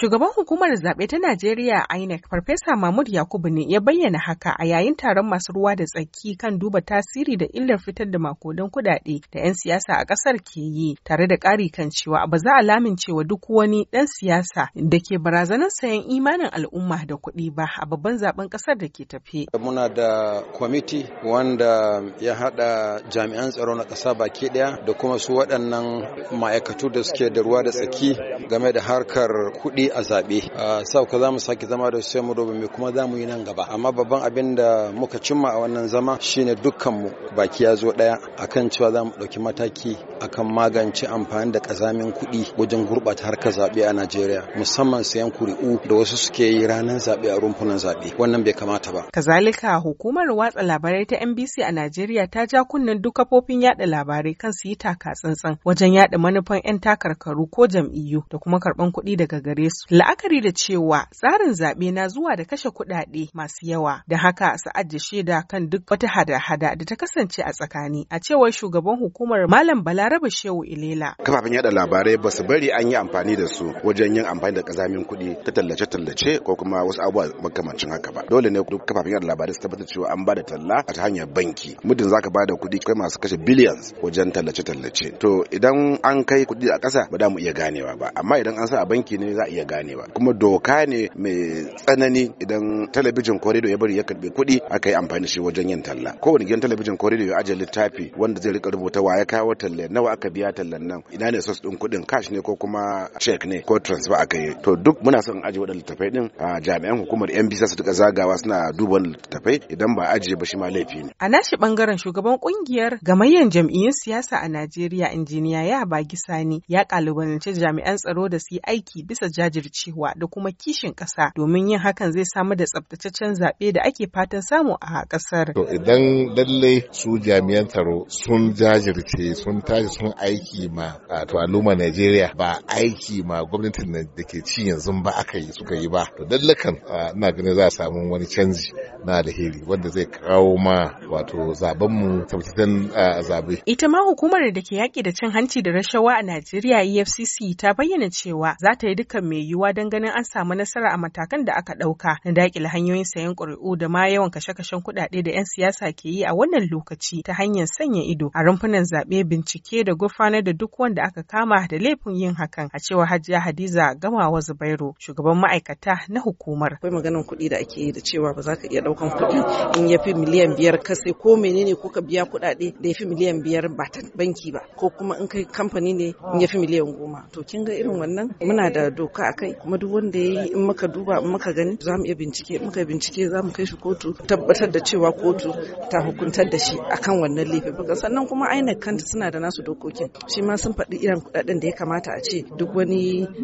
Shugaban hukumar zaɓe ta Najeriya INEC Farfesa Mahmud Yakubu ne ya bayyana haka a yayin taron masu ruwa da tsaki kan duba tasiri da illar fitar da makodin kudade da 'yan siyasa a ƙasar ke yi tare da ƙari kan cewa ba za a lamincewa duk wani ɗan siyasa da ke barazanar sayan imanin al'umma da kuɗi ba a babban zaben ƙasar da ke tafe. Muna da kwamiti wanda ya haɗa jami'an tsaro na ƙasa baki ɗaya da kuma su waɗannan ma'aikatu da suke da ruwa da tsaki game da harkar kuɗi a zaɓe sau ka za mu sake zama da sai mu roba me kuma za mu yi nan gaba amma babban abin da muka cimma a wannan zama shine dukkanmu baki ya zo ɗaya akan cewa za mu ɗauki mataki akan magance amfani da kazamin kuɗi wajen gurɓata harkar zaɓe a Najeriya musamman sayan kuri'u da wasu suke yi ranar zaɓe a rumfunan zaɓe wannan bai kamata ba. Kazalika hukumar watsa labarai ta NBC a Najeriya ta ja kunnen duk kafofin yaɗa labarai kan su yi taka tsantsan wajen yaɗa manufan 'yan takarkaru ko jam'iyyu da kuma karɓan kuɗi daga gare su. La'akari da cewa tsarin zaɓe na zuwa da kashe kuɗaɗe masu yawa da haka su ajiye shaida kan duk wata hada-hada da ta kasance a tsakani a cewar shugaban hukumar Malam Bala Balaraba Shehu Ilela. Kafafen yada labarai ba su bari an yi amfani da su wajen yin amfani da kazamin kuɗi ta tallace-tallace ko kuma wasu abubuwa makamancin haka ba. Dole ne duk kafafen yada labarai su tabbatar cewa an bada talla a ta hanyar banki. Muddin zaka da kuɗi kai masu kashe billions wajen tallace-tallace. To idan an kai kuɗi a ƙasa ba da mu iya ganewa ba amma idan an sa a banki ne za a iya ganewa. Kuma doka ne mai tsanani idan talabijin ko rediyo ya bari ya karbi kuɗi aka yi amfani da shi wajen yin talla. Kowane gidan talabijin ko rediyo ya ajiye littafi wanda zai rika rubuta wa ya kawo talle nawa aka biya tallan nan ina ne sos din kuɗin cash ne ko kuma check ne ko transfer aka yi to duk muna son aje wadannan tafai din a jami'an hukumar yan bisa su duka zagawa suna duba tafai? idan ba ajiye ba shi ma laifi ne a nashi bangaren shugaban kungiyar gamayyar jam'iyyun siyasa a Najeriya injiniya ya bagi sani ya kalubalanci jami'an tsaro da su yi aiki bisa jajircewa da kuma kishin kasa domin yin hakan zai samar da tsabtataccen zaɓe da ake fatan samu a ƙasar to idan lallai su jami'an tsaro sun jajirce sun tashi sun aiki ma to al'umma Najeriya ba aiki ma gwamnatin da ke ci yanzu ba aka yi suka yi ba to dallakan ina ganin za a samu wani canji na alheri wanda zai kawo ma wato zaben mu tabbatan zabe ita ma hukumar da ke yaki da cin hanci da rashawa a Najeriya EFCC ta bayyana cewa za ta yi dukkan mai yiwuwa don ganin an samu nasara a matakan da aka ɗauka na dakile hanyoyin sayan ƙuri'u da ma yawan kashe-kashen kuɗaɗe da 'yan siyasa ke yi a wannan lokaci ta hanyar sanya ido a rumfunan zaɓe bincike bincike da gurfanar da duk wanda aka kama da laifin yin hakan a cewar Hajiya Hadiza Gamawa Zubairu shugaban ma'aikata na hukumar. Akwai maganar kuɗi da ake yi da cewa ba za ka iya ɗaukan kuɗi in ya fi miliyan biyar ka sai ko menene ko ka biya kuɗaɗe da ya fi miliyan biyar ba ta banki ba ko kuma in kai kamfani ne in ya fi miliyan goma. To kin ga irin wannan muna da doka a kai kuma duk wanda ya yi in muka duba in muka gani za mu iya bincike in muka bincike za mu kai shi kotu tabbatar da cewa kotu ta hukuntar da shi akan wannan laifin sannan kuma ainihin kanta suna da nasu dokokin shi ma sun faɗi irin kuɗaɗen da ya kamata a ce duk wani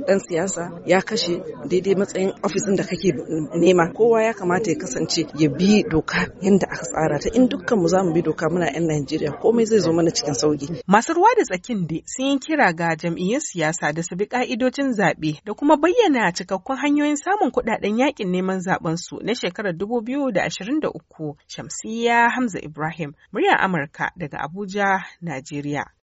ɗan siyasa ya kashe daidai matsayin ofisin da kake nema kowa ya kamata ya kasance ya bi doka yadda aka tsara ta in dukkan mu zamu bi doka muna yan Najeriya komai zai zo mana cikin sauki masu ruwa da tsakin de sun yi kira ga jam'iyyun siyasa da su bi ka'idojin zaɓe da kuma bayyana cikakkun hanyoyin samun kuɗaɗen yakin neman zaben su na shekarar biyu da da ashirin uku Shamsiyya Hamza Ibrahim muryar Amurka daga Abuja Najeriya